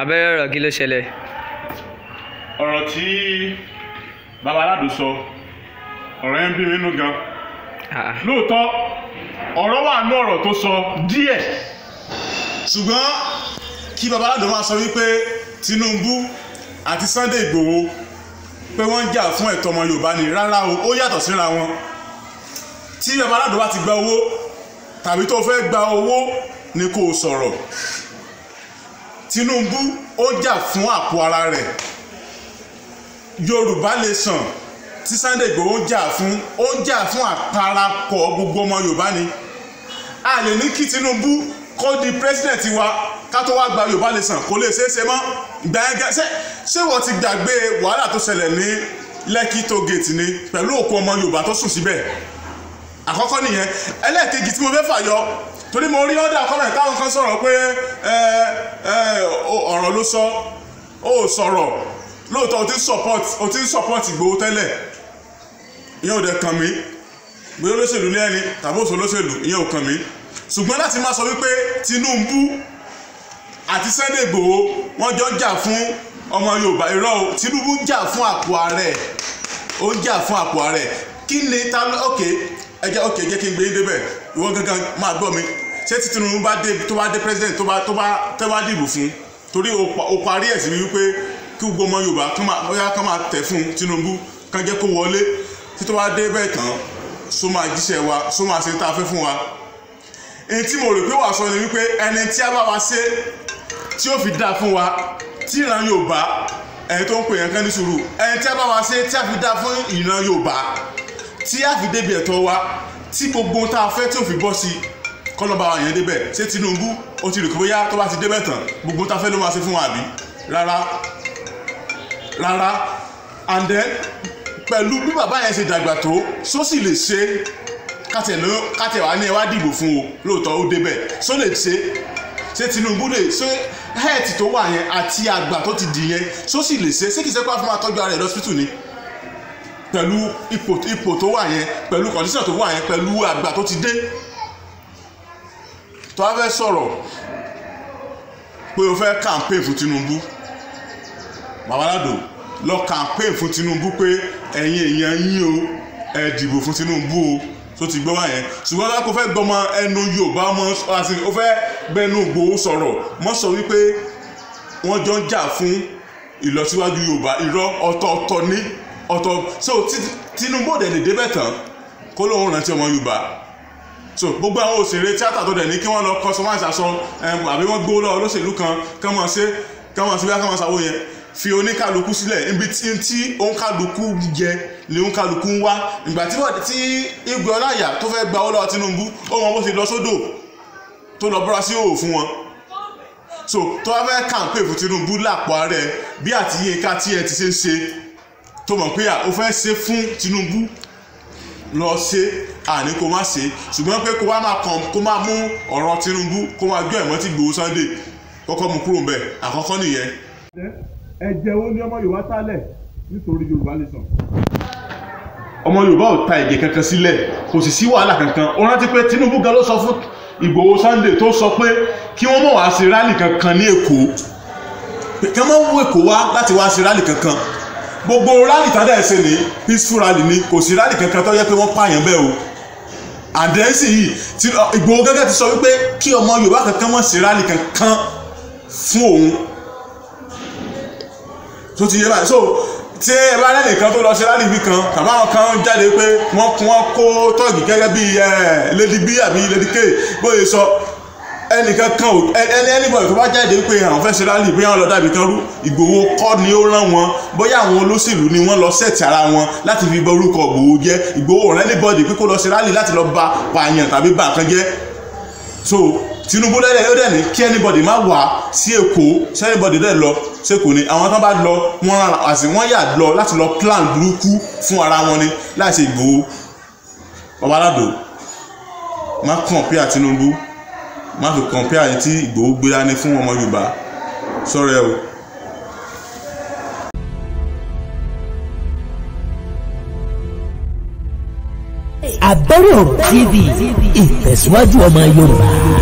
abẹ́rẹ́ ọ̀rọ̀ kí ló ṣẹlẹ̀. ọ̀rọ̀ tí bàbá aládùn sọ ọ̀rọ̀ yẹn ń bí mi nínú gan ah, ah. lóòótọ́ ọ̀rọ̀ wà ní ọ̀rọ̀ tó sọ díẹ̀ ṣùgbọ́n kí bàbá aládùn máa sọ wípé Tinubu àti Sunday Igboho pé wọ́n ń jà fún ẹ̀tọ́ ọmọ Yorùbá ni rárá o ó yàtọ̀ síra wọn tí bàbá aládùn bá ti gba owó tàbí tó fẹ́ gba owó ni kò sọ̀rọ̀ Tinubu ó jà fún àpò ara rẹ̀ Yorùbá lè sàn tí Sunday Igboho jà fún ó jà fún àparapọ̀ gbogbo ọmọ Yorùbá ni a lè ní kí Tinubu kó di president wa ká tó wá gba Yorùbá lè sàn kó lè ṣeé ṣe mọ́ gbẹ̀ngẹ̀ ṣé ṣé wọ́n ti gbàgbé wàhálà tó ṣẹlẹ̀ ní Lẹ́kì tó gèètì ni pẹ̀lú òkú ọmọ Yorùbá tó sùn síbẹ̀ àkọ́kọ́ nìyẹn ẹlẹ́ẹ̀kejì tí mo fẹ́ fàyọ torí mo rí ọ́dà kọ́nà ìtàwọn kan sọ̀rọ̀ pé ọ̀rọ̀ ló sọ ó sọ̀rọ̀ lóòótọ́ o ti ń support o ti ń support Ìgbòho tẹ́lẹ̀ ìyẹn ò dẹ̀ kàn mí bóyá olóṣèlú ní ẹni tàbí òṣèlú olóṣèlú ìyẹn ò kàn mí ṣùgbọ́n láti máa sọ wípé Tinubu àti Sunday Ìgbòho wọ́n jọ ń jà fún ọmọ Yorùbá irọ́ o Tinubu ń jà fún àpò ààrẹ ó ń jà fún àpò ààrẹ kí ni ta ok ẹ jẹ́ ok jẹ́ kí n gbé yín débẹ̀ ìwọ gangan máa gbọ́ mi ṣé tí Tinubu bá dé tó bá dé president tó bá tó bá tó bá dìbò fún torí o parí ẹ̀ sí wípé kí gbogbo ọmọ Yorùbá bóyá kán máa tẹ̀ fún Tinubu kán jẹ́ kó wọlé tí tó bá dé bẹ́ẹ̀ tán só máa jíṣẹ́ wa só máa ṣe tá a fẹ́ fún wa èyí tí mo rò pé wàá sọ ni wípé ẹni tí a bá wa ṣe tí ó fi dá fún wa tí ìran Yorùbá ẹni tó ń pè yẹn kán ní sùúrù ẹni tí a bá wa ṣe tí a fi dá fún ìran Yorùbá tí a fi débi ẹ̀tọ́ wa tí gbogbo ohun tá a fẹ́ tí ò fi bọ́ sí i kọ́lọ́ba àwọn èèyàn débẹ̀ ṣé Tinubu ó ti rò pé bóyá tó bá ti débẹ̀ tán gbogbo tá a fẹ́ ló máa ṣe fún wa àbí rárá rárá and then pẹ̀lú bí bàbá yẹn ṣe dàgbà tó sósì lè ṣe kátẹ̀ ló kátẹ̀ wá ní ẹ wá dìbò fún o lóòótọ́ ó débẹ̀ só lè ṣe ṣé Tinubu lè ṣe hẹ́ẹ̀tì tó wà yẹn àti àgbà tó ti dì yẹn sósì lè ṣe ṣé kìí ṣe pé a fún wa tọ́jú ara ẹ̀ lọ́sítù ni pẹ̀lú ipò tó wà yẹn pẹ̀lú kọ̀díṣàn tó wà yẹn pẹ̀lú àgbà tó ti dé tó a fẹ́ sọ̀rọ̀ pé o fẹ́ campaign fún Tinubu babalado lọ campaign fún Tinubu pé ẹ̀yin èèyàn yín o ẹ dìbò fún Tinubu o tó ti gbọ́ báyẹn ṣùgbọ́n lákò fẹ́ gbọ́mọ ẹnu Yorùbá mọ́ àti o fẹ́ bẹnu Ìgbòho sọ̀rọ̀ mọ́ sọ wípé wọ́n jọ ń jà fún ìlọsíwájú Yorùbá irọ́ ọ̀tọ̀ọ̀tọ̀ ní ọ̀tọ̀ so Tinubu ò dẹ̀ lè débẹ̀ tán kó lóun rántí ọmọ Yorùbá so gbogbo àwọn òṣèré tíátà tó dẹ̀ ní kí wọ́n lọ customize aṣọ eh, àbí wọ́n gbó lọ́wọ́ lóṣèlú kan kán mọ̀ ṣe kán mọ̀ ṣe bí akáwọn ṣàwó yẹn fi oníkàlùkù sílẹ̀ ibi tí oníkàlùkù jẹ ni oníkàlùkù ń wá ìgbà tí Igwe Ọláìyá tó fẹ́ gba owó lọ́wọ́ Tinubu ó mọ bó ti lọ sódò tó lọ bọ́ra sí òòfún wọn so tó wá fẹ́ kàǹpé fún Tinubu lápò ààrẹ bí àti Yínká tí ẹ ti ṣe ń ṣe tó mọ̀ pé à ó fẹ́ ṣe fún Tinubu lọ ṣe àní kó má ṣe ṣùgbọ́n pé kó wá máa kàn kó máa mú ọ̀rọ̀ Tinubu kó máa gbé ẹ̀mọ́ tí Ìgbòho Sunday kọ́kọ́ mu kúrò ńbẹ̀ àkọ́kọ́ nìyẹn. ẹ̀jẹ̀ wo ni ọmọ Yorùbá tálẹ̀ nítorí Yorùbá lè sàn. ọmọ Yorùbá ò ta ẹ̀jẹ̀ kankan sílẹ̀ kò sì sí wàhálà kankan ó rántí pé Tinubu gan ló sọ fún Ìgbòho Sunday tó sọ pé kí wọ́n mọ̀ wá sí rálì kankan ní Èkó kí wọ́n mọ̀ wọ Èkó wá láti wá sí rálì kankan gbogbo rálì tádà ẹ̀sẹ̀ ní peaceful rally ni kò sí rálì kankan tó yẹ pé wọ́n pààyàn bẹ́ẹ̀ o àdírẹ́sì yìí tí uh, Ìgbòho gẹ́gẹ́ ti sọ wípé kí ọmọ Yorùbá kankan mọ̀ sí rálì kankan fún òun tó ti yé báyìí so tí ẹ bá lẹ́nu kan tó lọ sí rálì kan tàbá àwọn kan jáde pé wọ́n kó tọ́ọ̀gì gẹ́gẹ́ bíi eh, Lady B àbí Lady K bóyá sọ ẹnìkan kan ẹnìbọ̀dì tó bá jáde pé àwọn fẹ́ ṣe rálì bóyá wọn lọ dàbí kan rú ìgbòho kọ́ ni ó rán wọn bóyá àwọn olóṣèlú ni wọ́n lọ sẹ́ẹ̀tì ara wọn láti fi bọ orúkọ Ìgbòho jẹ́ ìgbòho rẹ̀ ẹnìbọ̀dì pé kó lọ ṣe rálì láti lọ ba pààyàn tàbí bà kan jẹ́ so Tinubu lẹ́lẹ̀ ó dẹ̀ ní kí ẹnìbọ̀dì má wà sí Èkó ṣé ẹnìbọ̀dì dẹ̀ lọ sẹ́kò ni àwọn tán bá lọ wọ́n rán àti wọ́n yà lọ láti lọ plan burúkú fún ara wọn ni láti Ìgbòho Ọba Aládò má kàn pé à Tinubu má fi compare àyè tí Ìgbòho gbé dání fún ọmọ Yorùbá sọ̀rọ̀ ẹ o. Àbẹ̀rẹ̀ TV ìtẹ̀síwájú ọmọ Yorùbá.